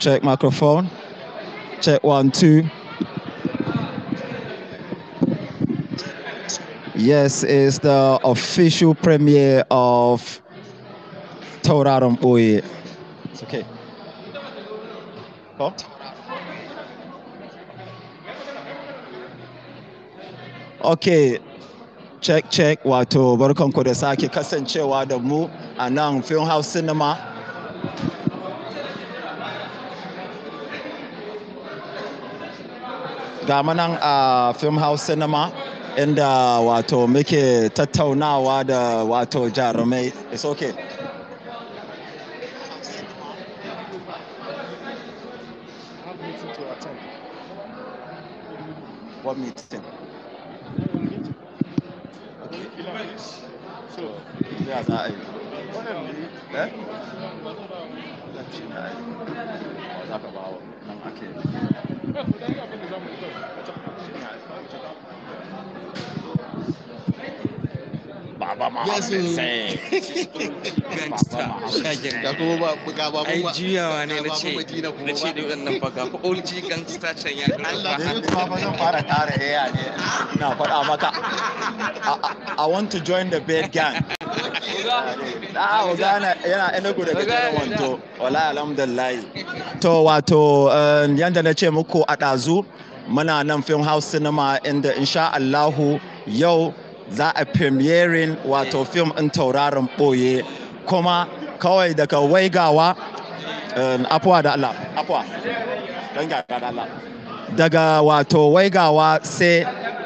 Check microphone. Check one, two. Yes, it's the official premiere of Tauraron Boy. It's okay. What? Okay, check check wato barkanku da sake kasancewa da mu anang film house cinema ga manan a film house cinema inda wato muke tattaunawa da wato jarumai it's okay ba ai na ce I want to join the gang To wato eh, yadda na ce muku a ɗazu muna nan film house cinema inda insha Allahu yau za a premiering wato film in tauraron ɓoye kuma kawai daga waigawa um, afuwa da Allah afuwa da Allah daga wato waigawa sai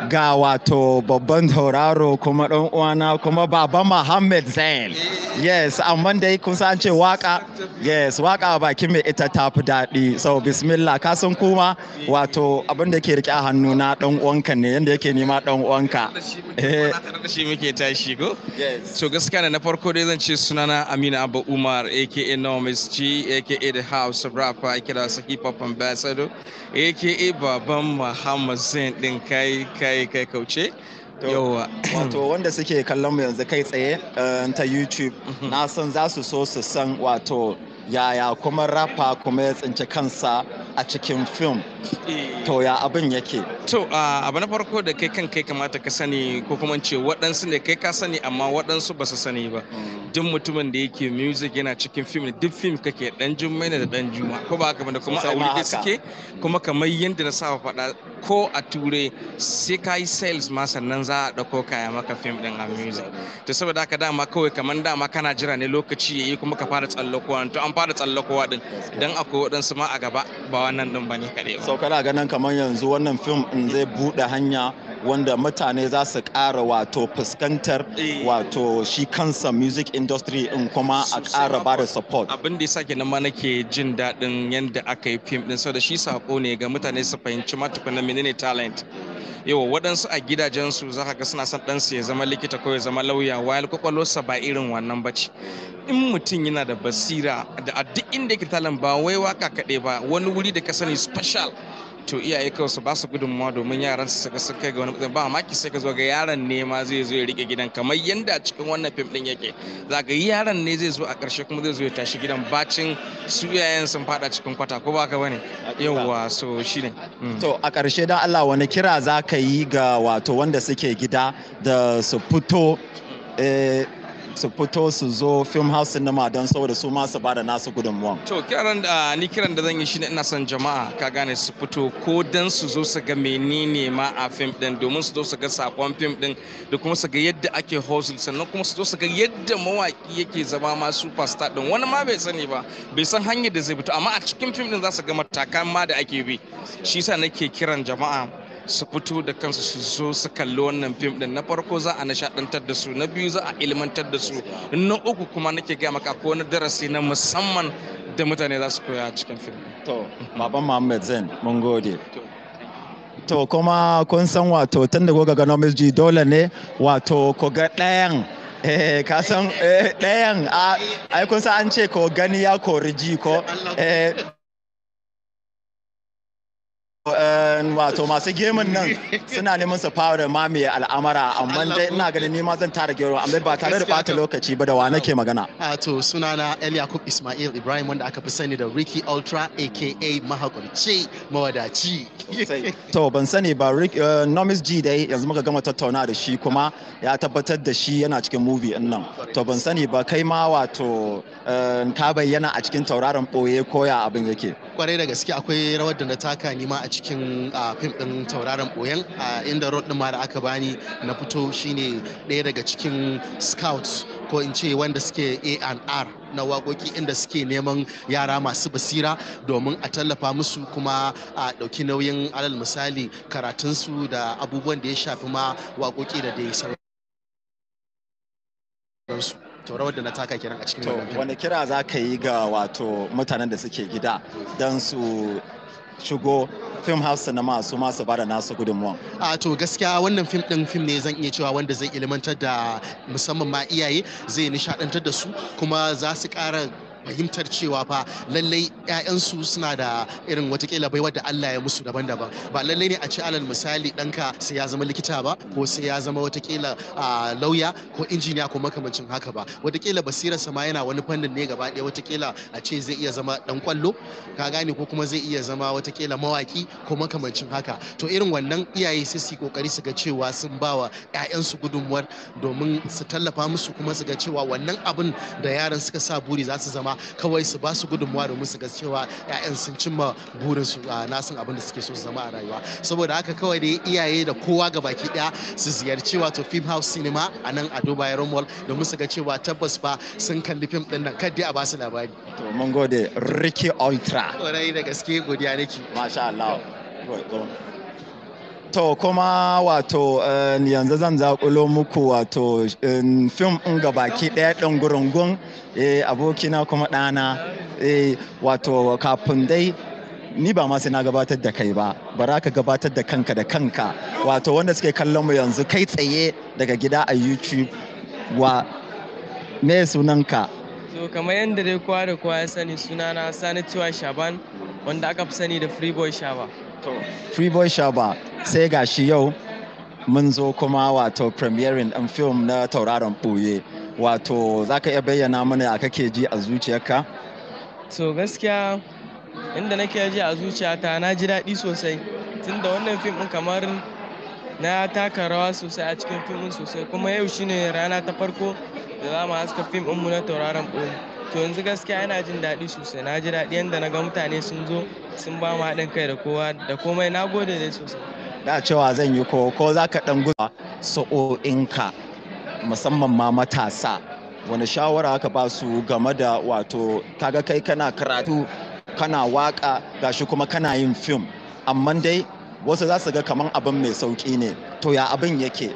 ga wato babban tauraro kuma ɗan uwana kuma baba Muhammad Zain. Yes, amma dai kun san ce waka. Yes, waka a bakin mai ita ta fi daɗi. So bismillah ka san kuma wato abin da ke rike a hannu na ɗan uwanka ne yanda yake nema ɗan uwanka. Eh, shi muke tashi ko. Yes. So gaskiya ne na farko dai zan ce sunana Amina Abba Umar aka Nomis G aka The House of Rapper aka da Hip Hop Ambassador aka baban Muhammad Zain ɗin kai kai kai kauce wato wanda suke kallon mu yanzu kai tsaye eh, ta youtube mhm. na san za su so su san wato yaya kuma rapper kuma ya tsinci kansa a cikin fim eh. to ya abin yake to abu na farko da kai kan kai kamata ka sani ko kuma ce waɗansu ne kai ka sani amma waɗansu ba su sani ba mm. duk mutumin da yake music yana cikin fim duk fim kake dan jummai da dan juma ko ba haka ba kuma a wuri suke kuma kamar yadda na sa faɗa ko a ture sai ka yi sales ma sannan za a ɗauko kaya maka fim ɗin a music to saboda haka dama kawai kamar dama kana jira ne lokaci yayi kuma ka fara tsallo to an an fara tsallakowa din dan akwai waɗansu ma a gaba ba wannan din bane kaɗai ba. kana ganin kamar yanzu wannan fim in zai buɗe hanya wanda mutane za su ƙara wato fuskantar eh. wato shi kansa music industry in kuma a ƙara ba da support. Abin da ya sake nan ma nake jin daɗin yadda aka yi fim ɗin saboda shi sako ne ga mutane su fahimci matuƙa na menene talent. yau waɗansu a gidajensu za ka ga suna son ɗansu ya zama likita ko ya zama lauya wayar kwakwalwarsa ba irin wannan ba ce in mutum yana da basira da a duk inda yake talan ba wai waka kaɗai ba wani wuri da ka sani special to iyaye kawai su ba su gudunmawa domin yaran su saka sun kai ga wani ba maki sai ka zo ga yaron ne ma zai zo ya rike gidan kamar yadda cikin wannan fim din yake za ga yaron ne zai zo a ƙarshe kuma zai zo ya tashi gidan bacin su iyayen sun fada cikin kwata ko ka bane ba so shine mm. to a ƙarshe dan Allah wani kira za ka yi ga wato wanda suke gida da su fito eh, su fito su zo film house cinema don saboda su ma su bada nasu gudunmuwan. To kiran da ni kiran da zan yi shi ina son jama'a ka gane su fito ko dan su zo su ga menene ma a film din domin su zo su ga sakon film din da kuma su ga yadda ake hustle sannan kuma su zo su ga yadda mawaki yake zama ma superstar din wani ma bai sani ba bai san hanyar da zai fito amma a cikin film din za su ga matakan ma da ake bi shi yasa nake kiran jama'a su fito da kansu su zo su kalli wannan fim din na farko za a nishadantar da su na biyu za a ilmantar da su na uku kuma nake gaya maka ko wani darasi na musamman da mutane za su koya cikin fim to baban Muhammad Zain mun gode to kuma kun san wato tun da kuka ga ji dole ne wato ko ga ɗayan eh ka san eh, ɗayan ai kun san an ce ko gani ya kori ji ko eh wato masu gemun nan suna neman su fara da mamaye al'amara amma dai ina ganin nima zan tara gero amma ba tare da bata lokaci ba da wa nake magana to suna sunana El Yakub Ismail Ibrahim wanda aka fi sani da Ricky Ultra aka mahakunci mawadaci to ban sani ba uh, Nomis G dai yanzu muka gama tattauna da shi kuma ya tabbatar da shi yana cikin movie din nan to ban sani ba kai ma wato uh, ka bayyana a cikin tauraron boye koya abin yake kwarai da gaske akwai rawar da na taka ni ma a cikin fim ɗin tauraron ɓoyen inda rod ɗin ma da aka bani na fito shine ɗaya daga cikin scouts ko in ce wanda suke A&R na waƙoƙi inda suke neman yara masu basira domin a tallafa musu kuma a ɗauki nauyin alal misali karatunsu da abubuwan da ya shafi ma waƙoƙi da dai sauransu. rawar da na taka kenan a cikin wani kira za ka yi ga wato mutanen da suke gida don su shigo film house cinema su masu bada nasu gudunmuwan. a to gaskiya wannan fim din fim ne zan iya cewa wanda zai ilimantar da musamman ma iyaye zai nishadantar da su kuma za su kara fahimtar cewa fa lallai 'ya'yansu suna da irin watakila baiwar da Allah ya musu daban-daban ba lallai ne a ce alal misali ɗanka sai ya zama likita ba ko sai ya zama watakila lauya ko injiniya ko makamancin haka ba watakila basirarsa ma yana wani fannin ne gaba ɗaya watakila a ce zai iya zama ɗan kwallo ka gane ko kuma zai iya zama watakila mawaki ko makamancin haka to irin wannan iyaye sai su yi kokari su ga cewa sun bawa 'ya'yansu gudunmuwar domin su tallafa musu kuma su ga cewa wannan abin da yaran suka sa buri za su zama kawai su ba su gudunmuwa domin su ga cewa 'ya'yan sun cimma burinsu a nasan abin da suke so su zama a rayuwa saboda haka kawai dai iyaye da kowa ga baki daya su ziyarci wato film house cinema a nan a dubai mall domin su ga cewa tabbas ba sun kalli fim din nan kaddai a ba su labari to mun gode ricky ultra kwarai da gaske godiya nake masha Allah To kuma wato eh, yanzu zan zakulo muku wato eh, fim in ga baki ɗaya ɗin gurungun eh, abokina kuma ɗana wato kafin dai ni ba ma sai na gabatar da kai ba bara ka gabatar da kanka da kanka wato wanda suke kallon mu yanzu kai tsaye daga gida a youtube wa me sunanka to kamar yadda dai kowa da kowa ya sani sunana sani cewa shaban wanda aka fi sani da freeboy shaba to freeboy shaba sai ga shi yau mun zo kuma wato premiering ɗin film na tauraron ɓoye wato za ka iya bayyana mana a kake ji a zuciyarka so gaskiya inda nake ji a zuciyata na ji daɗi sosai tunda wannan fim ɗin kamar na taka rawa sosai a cikin fim ɗin sosai kuma yau shine rana ta farko da za mu haska fim ɗinmu na tauraron ɓoye to yanzu gaskiya yana jin daɗi sosai na ji daɗi yadda na ga mutane sun zo sun ba mu haɗin kai da kowa da komai na gode dai sosai da cewa zan yi ko ko za ka ɗan guza sa'o'inka musamman ma matasa wani shawara ka ba su game da wato kaga kai kana karatu kana waka gashi kuma kana yin fim amma dai wasu za su ga kaman abin mai sauki ne to ya abin yake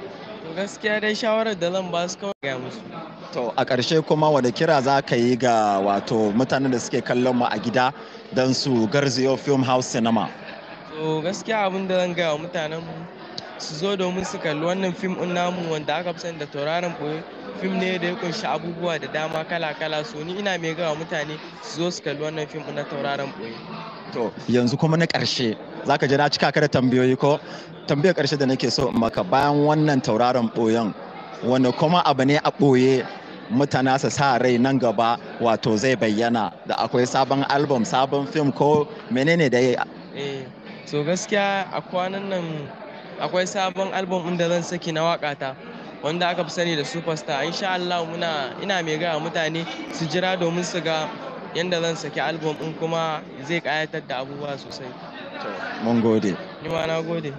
to gaskiya dai shawarar da zan ba su kawai ga musu to a ƙarshe kuma wani kira za ka yi ga wato mutanen da suke kallon mu a gida don su garzayo film house cinema to gaskiya abin da zan gaya wa mutanen mu su zo domin su kalli wannan fim din namu wanda aka fi sani da tauraron ɓoye fim ne da ya kunshi abubuwa da dama kala-kala so ni ina mai gawa mutane su zo su kalli wannan fim din na tauraron ɓoye. to yanzu kuma na ƙarshe zaka je na cika ka da tambayoyi ko tambayar ƙarshe da nake so maka bayan wannan tauraron ɓoyen wanda kuma abu ne a boye mutane su sa rai nan gaba wato zai bayyana da akwai sabon album sabon fim ko menene da so gaskiya a kwanan nan akwai sabon album ɗin da zan saki na wakata wanda aka fi sani da superstar insha Allah muna ina mai gaya mutane su jira domin su ga yadda zan saki album in kuma zai kayatar da abubuwa sosai. Mun gode. Ni ma na gode.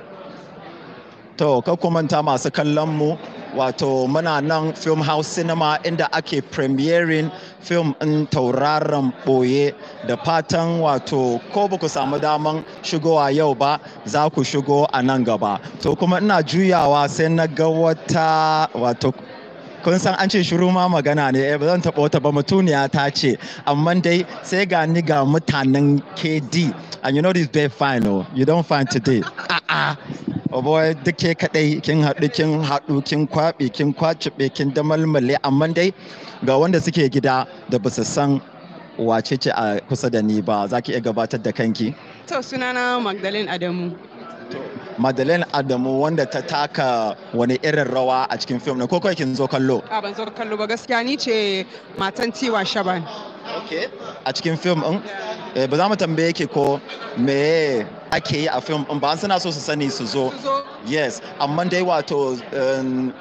To, manta masu kallon mu wato muna nan film house cinema inda ake premiering film in tauraron ɓoye da fatan wato ko ba ku samu daman shigowa yau ba za ku shigo a nan gaba to kuma ina juyawa sai na ga wata wato kun san an ce shiru ma magana ne eh, ba zan taɓa wata ba mutuniya ta ce amma dai sai ga ni ga mutanen kd and you know this day fine oh you don't find today a'a oboy oh duke kadai kin haɗu kin haɗu kin kwaɓe kin kwacibe kin damalmale amma dai ga wanda suke gida da ba su san wace ce a kusa da ni ba za ki iya gabatar da kanki to sunana magdalene adamu Madeleine Adamu wanda ta taka wani irin rawa a cikin fim ne ko kai kin zo kallo? A ban zo kallo ba gaskiya ni ce matan Tiwa Shaban. Okay. A cikin fim ɗin Eh, ba za mu tambaye yake ko me ake yi a fim ɗin ba suna so su sani su zo. Yes, amma dai wato um,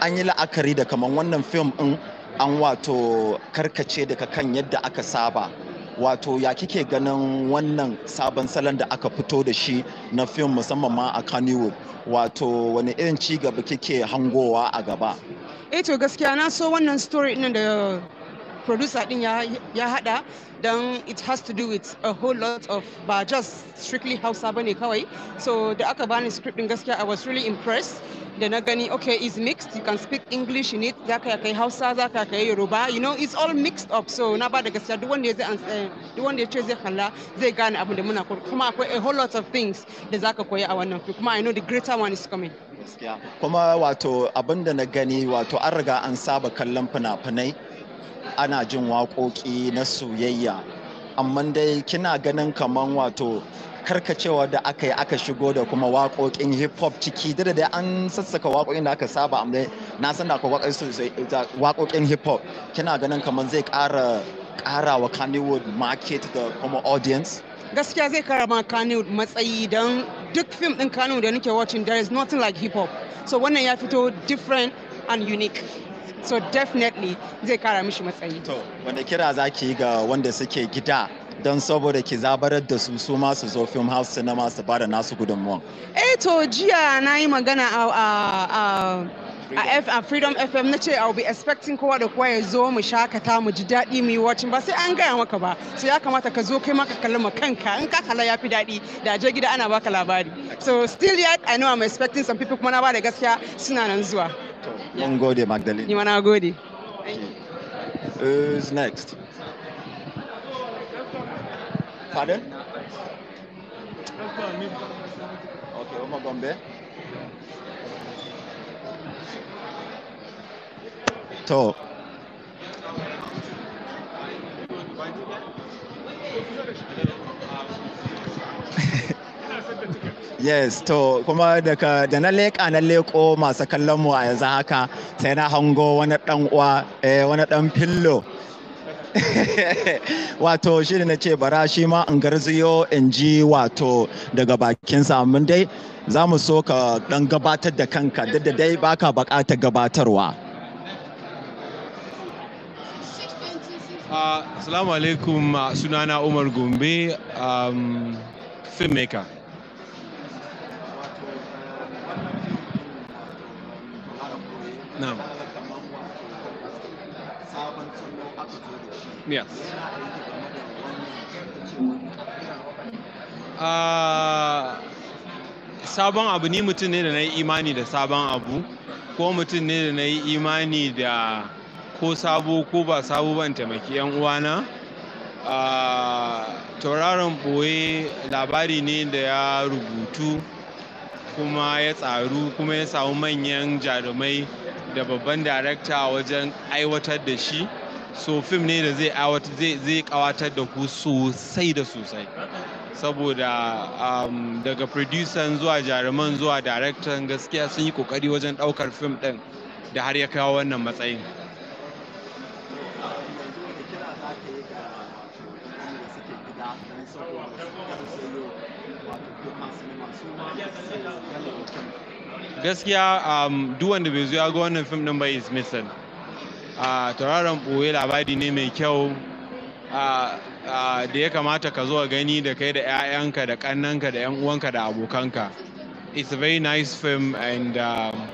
an yi la'akari da kaman wannan fim ɗin an wato karkace daga kan yadda aka saba. wato ya kike ganin wannan sabon salon da aka fito da shi na fim musamman ma a Kannywood wato wani irin cigaba kike hangowa a gaba eh to gaskiya na so wannan story ɗin da producer ɗin ya haɗa don it has to do with a whole lot of ba just strictly hausa bane kawai so da aka bani script ɗin gaskiya i was really impressed da na gani okay is mixed you can speak english in it zaka kai hausa zaka kai yoruba you know it's all mixed up so na ba da gaskiya duk wanda zai eh, duk wanda ya ce zai kalla zai gane abin da muna koyi kuma akwai a whole lot of things da zaka koyi a wannan kuma i know the greater one is coming kuma wato abin da na gani wato an riga an saba kallon fina-finai ana jin waƙoƙi na soyayya amma dai kina ganin kaman wato karkacewa da aka yi aka shigo da kuma waƙoƙin hip hop ciki da da an sassaka waƙoƙin da aka saba amma na san da waƙoƙin hip hop kina ganin kamar zai ƙara ƙara wa Kannywood market da kuma audience gaskiya zai kara ma Kannywood matsayi don duk fim ɗin Kannywood da nake watching there is nothing like hip hop so wannan ya fito different and unique so definitely zai kara mishi matsayi to wanda kira zaki ga wanda suke gida don saboda ki zabarar da su su masu zo film house cinema su bada nasu gudunmuwan eh to jiya na yi magana a a freedom fm na ce i'll be expecting kowa da kowa ya zo mu shakata mu ji daɗi mu yi watching ba sai an gaya maka ba so ya kamata ka zo kai maka kalli ma kanka in ka kalla ya fi daɗi da je gida ana baka labari so still yet i know i'm expecting some people kuma na ba da gaskiya suna nan zuwa mun gode magdalene ni ma na gode who's next Pardon? Okay, Oma Gombe. To. yes to kuma daga da na leƙa na leƙo masu kallon mu a yanzu haka sai na hango wani ɗan uwa eh wani ɗan fillo wato shi na ce bara shi ma in garziyo in ji wato daga bakinsa mun dai za mu so ka dan gabatar da kanka duk da dai baka bakata gabatarwa ah, Assalamu alaikum ah, sunana Umar Gombe um, filmmaker Yes. Uh, ah, sabon abu ni mutum ne da na yi imani da sabon abu ko mutum ne da na yi imani da ko sabo ko ba sabo ban taimaki 'yan uwana uh, tauraron ɓoye labari ne da ya rubutu kuma ya tsaru kuma ya samu manyan jarumai da babban darakta wajen aiwatar da shi so fim ne da zai kawatar da ku sosai da sosai saboda um, daga producer zuwa jaruman zuwa director gaskiya sun yi kokari wajen daukar fim din da har ya kawo wannan matsayin gaskiya um, bai zo ya ga wannan fim din bai is missing ɓoye labari ne mai kyau da ya kamata ka zo gani da kai da 'ya'yanka da ƙannanka da 'yan uwanka da abokanka it's a very nice film and um,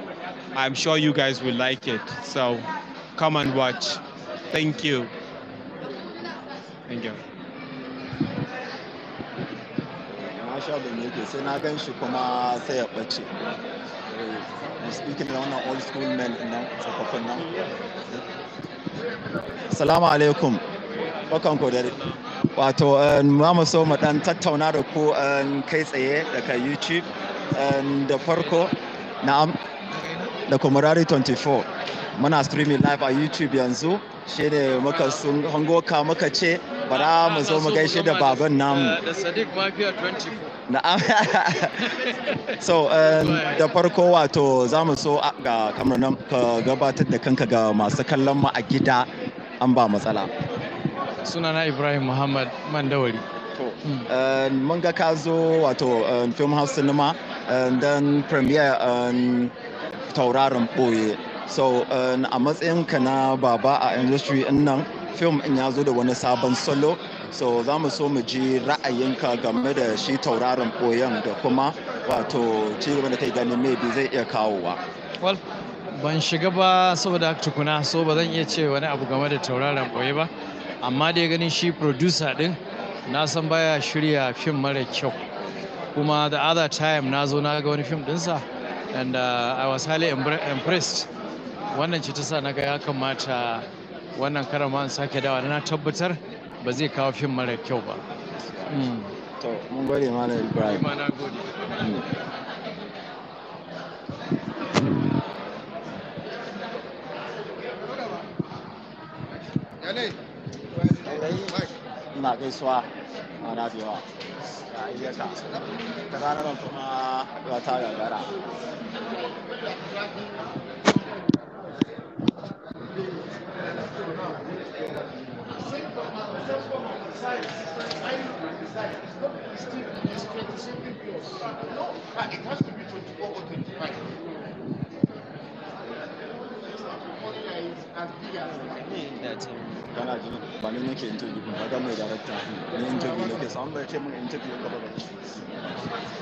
I'm sure you guys will like it. So come and watch. Thank you. Thank you. sha da ne ke sai na gan shi kuma sai ya ɓace. speaking da wannan old school men assalamu alaikum bakan Kodari. dare wato ma mu so mu dan tattauna da ku kai tsaye daga youtube da farko na'am da kumurari 24 muna streaming live a youtube yanzu ne muka sun hango ka muka ce bara mu zo mu gaishe da baban namu da sadiq mafiya 24 na'am so eh, da farko wato za mu so ga kamar nan ka gabatar da kanka ga masu kallon mu a gida an ba matsala sunana ibrahim muhammad mandawari eh, mun ga ka zo wato eh, film house cinema don premiere tauraron boye so a matsayinka na baba a industry nan Film in ya zo da wani sabon solo so za mu so mu ji ra'ayinka game da shi tauraron koyon da kuma wato gaba da kai gani maybe zai iya kawowa well ban shiga ba saboda tukuna so ba zan iya ce wani abu game da tauraron koyi ba amma dai ganin shi producer din na san baya shirya fim mara kyau kuma the other time na zo na ga wani fim dinsa and uh, i was highly impressed wannan ce ta sa na ga ya kamata wannan karan ma an sake dawa na tabbatar ba zai kawo fim mara kyau ba hmm. to mun gode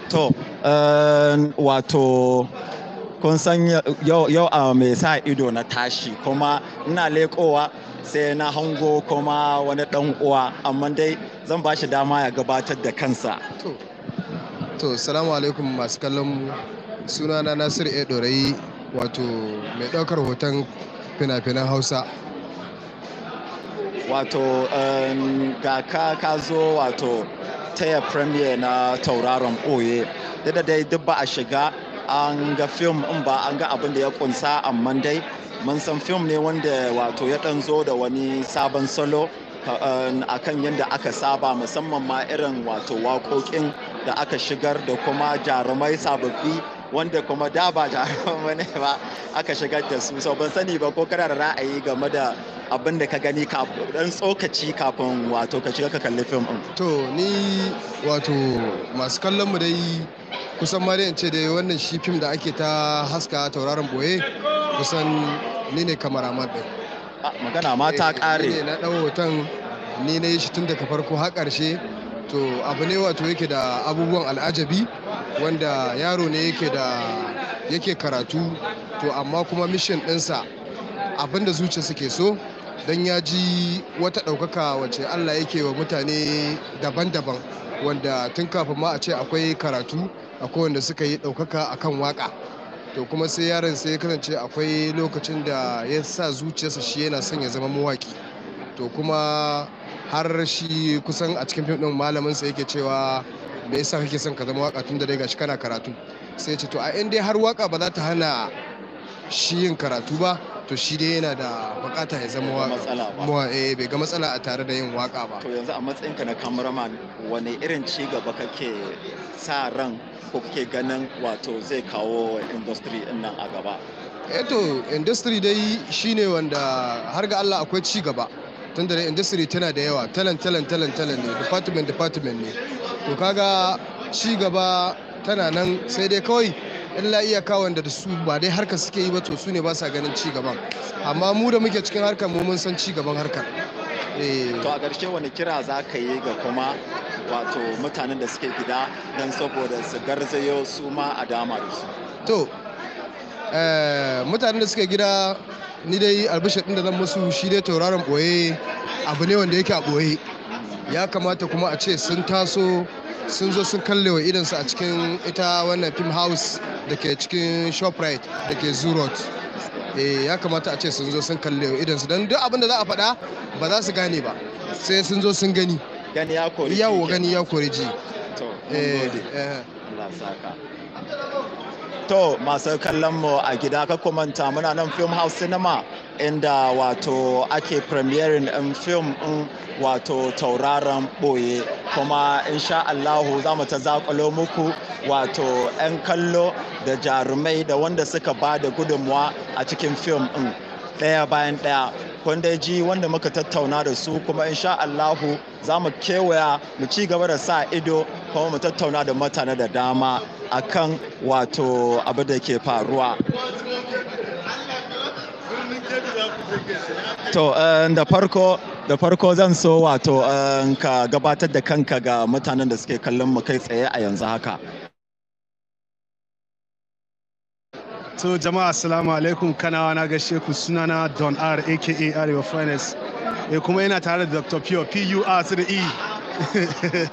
to eh, wato kun san yau a ah, mai sa ido na tashi kuma ina lekowa sai na hango kuma wani dan uwa amma dai zan ba shi dama ya gabatar da kansa to salamu alaikum masu kallon suna na nasir e dorayi wato mai ɗaukar hoton fina-finan hausa wato ga ka ka zo wato taya premier na tauraron ɓoye da dai duk ba a shiga an ga fim in ba an ga abin da ya kunsa amma dai mun san fim ne wanda wato ya ɗan zo da wani sabon salo um, a kan yadda aka saba musamman ma irin wato waƙoƙin da aka shigar da kuma jarumai sababbi wanda kuma da ba jarumai ne ba aka shigar da su ban sani ba ko kana da ra'ayi game da abin da ka gani dan tsokaci kafin wato ka shiga ka kalli fim din to ni wato masu kallon mu dai kusan ma ce da wannan shi fim da ake ta haska tauraron boye kusan ni ne kamaraman ɗin ah, magana ma ta eh, ƙare ne na ɗau hoton ni na yi shi tun daga farko har ƙarshe to abu ne wato yake da abubuwan al'ajabi wanda yaro ne yake da yake karatu to amma kuma mishin ɗinsa abin da zuciya suke so don ya ji wata ɗaukaka wace allah yake wa mutane daban-daban wanda tun kafin ma a ce akwai karatu akwai wanda suka yi ɗaukaka akan waka to kuma sai yaron sai ya kasance akwai lokacin da ya sa zuciyarsa shi yana son ya zama mawaki to kuma har shi kusan a cikin fim ɗin malamin sa yake cewa me yasa kake son ka zama waka tun da dai gashi kana karatu sai ya ce to a in dai har waka ba za ta hana shi yin karatu ba to shi dai yana da bukata ya zama wa eh, bai ga matsala a tare da yin waka ba to yanzu a matsayinka na cameraman wani irin ci gaba kake sa ran ko kake ganin wato zai kawo industry din nan a gaba eh to industry dai shine wanda har ga Allah akwai ci gaba tunda da industry tana da yawa talent talent talent talent ne department department ne to kaga ci gaba tana nan sai dai kawai la iya kawon da su ba dai harkar suke yi ba to su ne ba sa ganin ci gaban amma mu da muke cikin harkar mu mun san ci gaban harkar eh. to a ƙarshe wani kira za ka yi ga kuma wato mutanen da suke gida don saboda su garzayo su ma a dama da su to eh, mutanen da suke gida ni dai albishir ɗin da zan musu shi dai tauraron ɓoye abu ne wanda yake a ɓoye ya kamata kuma a ce sun taso sun zo sun kalle wa idansu a cikin ita wannan fim house da ke cikin shoprite da ke zurot eh, ya kamata a ce sun zo sun kalle idan su don duk abin da za a faɗa ba za su gane ba sai sun zo sun gani gani ya kori yawo gani ya kori ji eh, eh. to masu kallon mu a gida ka kumanta muna nan film house cinema inda wato ake premiering ɗin film ɗin wato tauraron ɓoye kuma insha Allahu za mu ta zaƙalo muku wato 'yan kallo da jarumai da wanda suka ba da gudunmuwa a cikin film ɗin ɗaya bayan ɗaya wanda ji wanda muka tattauna da su kuma insha Allahu za mu kewaya mu ci gaba da sa ido kuma mu tattauna da mutane da dama akan wato abu da ke faruwa To eh, da farko da farko zan so wato eh, ka gabatar da kanka ga mutanen da suke kallon mu kai tsaye a yanzu haka. To jama'a assalamu alaikum kanawa na ga ku sunana Don R aka Arewa Finance. Eh, kuma yana tare da Dr. Pio PUR da E.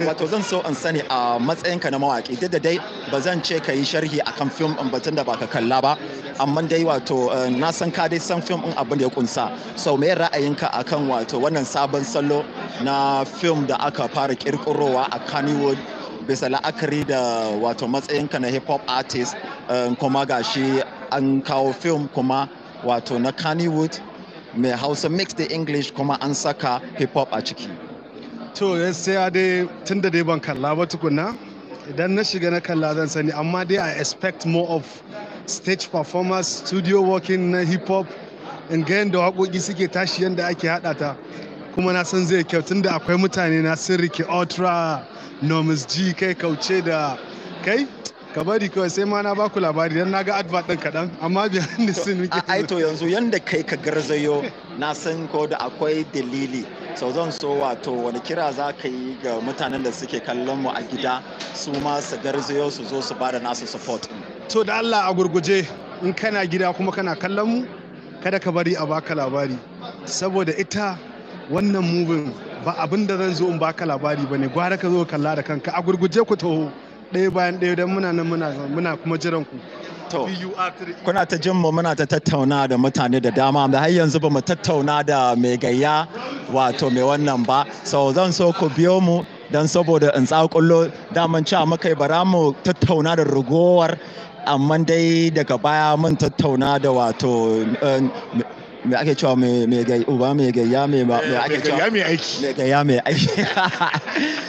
wato zan so in sani a matsayinka na mawaki duk da dai ba zan ce ka yi sharhi akan fim ɗin batun da baka kalla ba amma dai wato eh, na san ka dai san fim ɗin abin da ya kunsa sau me ra'ayinka akan wato wannan sabon salo na fim da aka fara kirkirowa a Kannywood bisa la'akari da wato matsayinka na hip hop artist eh, kuma gashi an kawo fim kuma wato na Kannywood mai Hausa mix da English kuma an saka hip hop a ciki. to sai a dai tun da dai ban kalla ba tukuna idan na shiga na kalla zan sani amma dai i expect more of stage performance studio working na hip hop in ga yadda waƙoƙi suke tashi yadda ake haɗa ta kuma na san zai kyau da akwai mutane na sun rike ultra nomis g kai kauce da kai ka bari kawai sai ma na baku labari dan na ga advert ɗin kaɗan amma biyan da sun ai to yanzu yadda kai ka garzayo na san ko da akwai dalili sau zan so wato wani kira za ka yi ga mutanen da suke kallon mu a gida su ma su garzayo su zo su bada nasu support to da Allah a gurguje in kana gida kuma kana kallon mu kada ka bari a baka labari saboda ita wannan mubin ba abin da zan zo in baka labari ba ne gwara ka zo kalla da kanka a gurguje ku taho ɗaya bayan ɗaya don muna nan muna kuma jiran ku kuna ta jin mu muna ta tattauna da mutane da dama da har yanzu ba mu tattauna da mai gayya wato mai wannan ba so zan so ku biyo mu don saboda in tsakullo daman cewa muka bara mu tattauna da rigowar amma dai daga baya mun tattauna da wato eh, me ake cewa mai ake cewa mai gayya mai aiki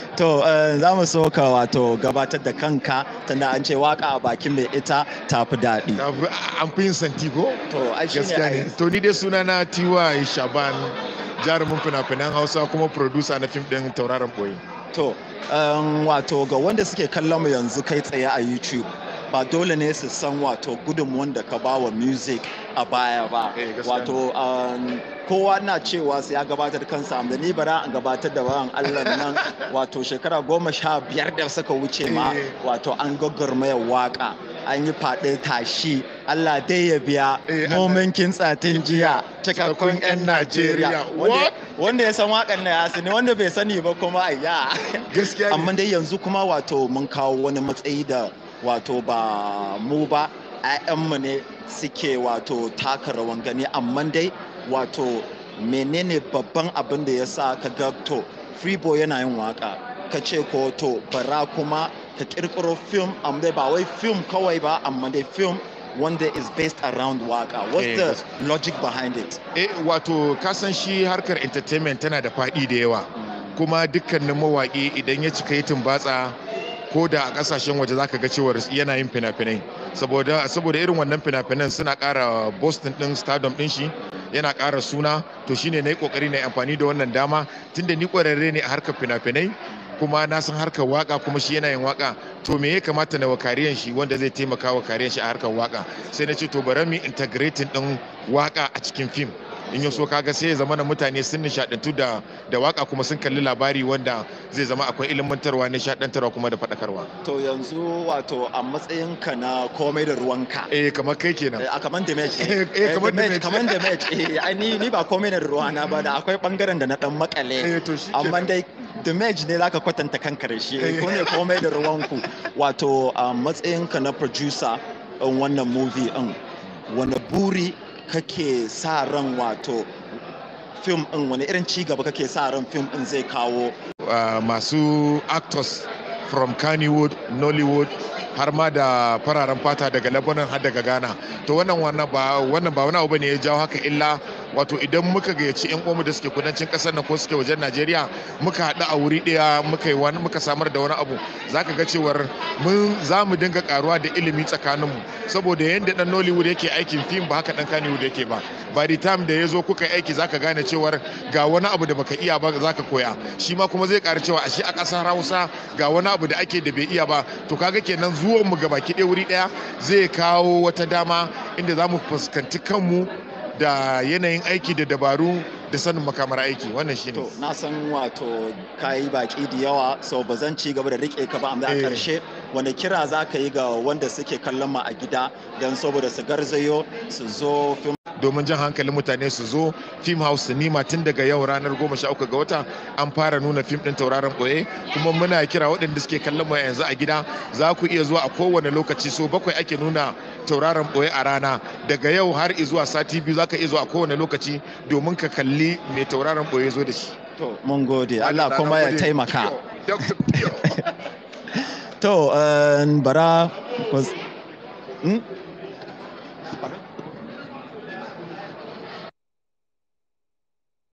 to eh, za mu so ka wato gabatar da kanka tana an ce waka a bakin mai ita tafi daɗi an fi yin santi ko to gaskiya ne to ni dai suna na tiwa shaban jarumin fina-finan hausa kuma producer na fim ɗin tauraron boye to wato ga wanda suke kallon mu yanzu kai tsaye a youtube ba dole ne su san wato gudunmuwan da ka ba wa music a baya ba eh, wato um, kowa na cewa sai ya gabatar kansa amma ni bara an gabatar da bayan Allah nan wato shekara goma sha biyar da suka wuce ma eh. wato an gaggarmaya waka an yi faɗi tashi Allah dai ya biya eh, nomin kintsatin jiya cikakkun 'yan Najeriya wanda ya san wakan na ya ne wanda bai sani ba kuma ya gaskiya amma dai yanzu kuma wato mun kawo wani matsayi da wato ba mu ba mu ne suke wato taka rawan gani amma dai wato menene babban abin da ya sa ka ga to freeboy yana yin waka ka ce ko to bara kuma ka kirkiro film amma dai ba wai film kawai ba amma dai film wanda is based around waka eh, what's the logic behind it eh wato kasan shi harkar entertainment tana da faɗi da yawa mm. kuma dukkanin mawaki idan ya cika yi batsa ko da a kasashen waje zaka ga cewa yana yin fina-finai saboda irin wannan fina-finan suna ƙara boston din stadium din shi yana ƙara suna to shine na yi ƙoƙari na amfani da wannan dama tunda ni ƙwararre ne a harkar fina-finai kuma na san harkar waka kuma shi yana yin waka to me ya kamata na wakariyan shi wanda zai taimaka wa shi a harkar waka sai na ce to bari mu integrating din waka a cikin fim in yi so kaga sai ya zama na mutane sun nishadantu da da waka kuma sun kalli labari wanda zai zama akwai ilmantarwa nishadantarwa kuma da faɗakarwa to yanzu wato a matsayin ka na komai da ruwanka eh kamar kai kenan eh, a kamar da eh, eh kamar eh, da kamar da eh ni ni ba komai da ruwana ba da akwai bangaren da na dan makale amma dai da match ne zaka kwatanta kanka da shi ko ne komai da ruwanku wato a matsayin ka na producer wannan movie din wani buri kake sa ran wato fim din wani irin ci gaba kake sa ran fim ɗin zai kawo ah, masu actors from kannywood nollywood har ma da fararen fata daga lebanon har daga ghana to wannan wannan ba wannan ba wani abu ne ya jawo haka illa wato idan muka gayyaci yan uwanmu da suke kudancin kasar nan ko suke wajen Najeriya muka haɗu a wuri ɗaya muka yi wani muka samar da wani abu zaka ga cewar mun za mu dinga karuwa da ilimi tsakaninmu saboda yadda dan Nollywood yake aikin fim ba haka dan Kannywood yake ba by the time da ya zo kuka aiki zaka gane cewar ga wani abu da baka iya ba zaka koya shi ma kuma zai ƙara cewa ashe a ƙasar Hausa ga wani abu da ake da bai iya ba to kaga kenan zuwan mu gabaki ɗaya wuri ɗaya zai kawo wata dama inda za mu fuskanci kanmu da yanayin aiki da dabaru da sanin makamar aiki wannan shi ne. na san wato kayi baki da yawa so ba zan ci gaba da rike ka ba amma a karshe eh. wani kira za ka yi ga wanda suke kallon mu a gida don saboda su garzayo su zo fim domin jan hankalin mutane su zo film house sinima tun daga yau ranar goma ga wata an fara nuna fim din tauraron boye kuma muna kira waɗanda suke kallon mu yanzu a gida za ku iya zuwa a kowane lokaci so bakwai ake nuna tauraron boye a rana daga yau har zuwa sati biyu za ka iya zuwa a kowane lokaci domin ka kalli mai tauraron boye zo da shi. To, mun gode, Allah kuma ya taimaka. To, eh, bara, hmm?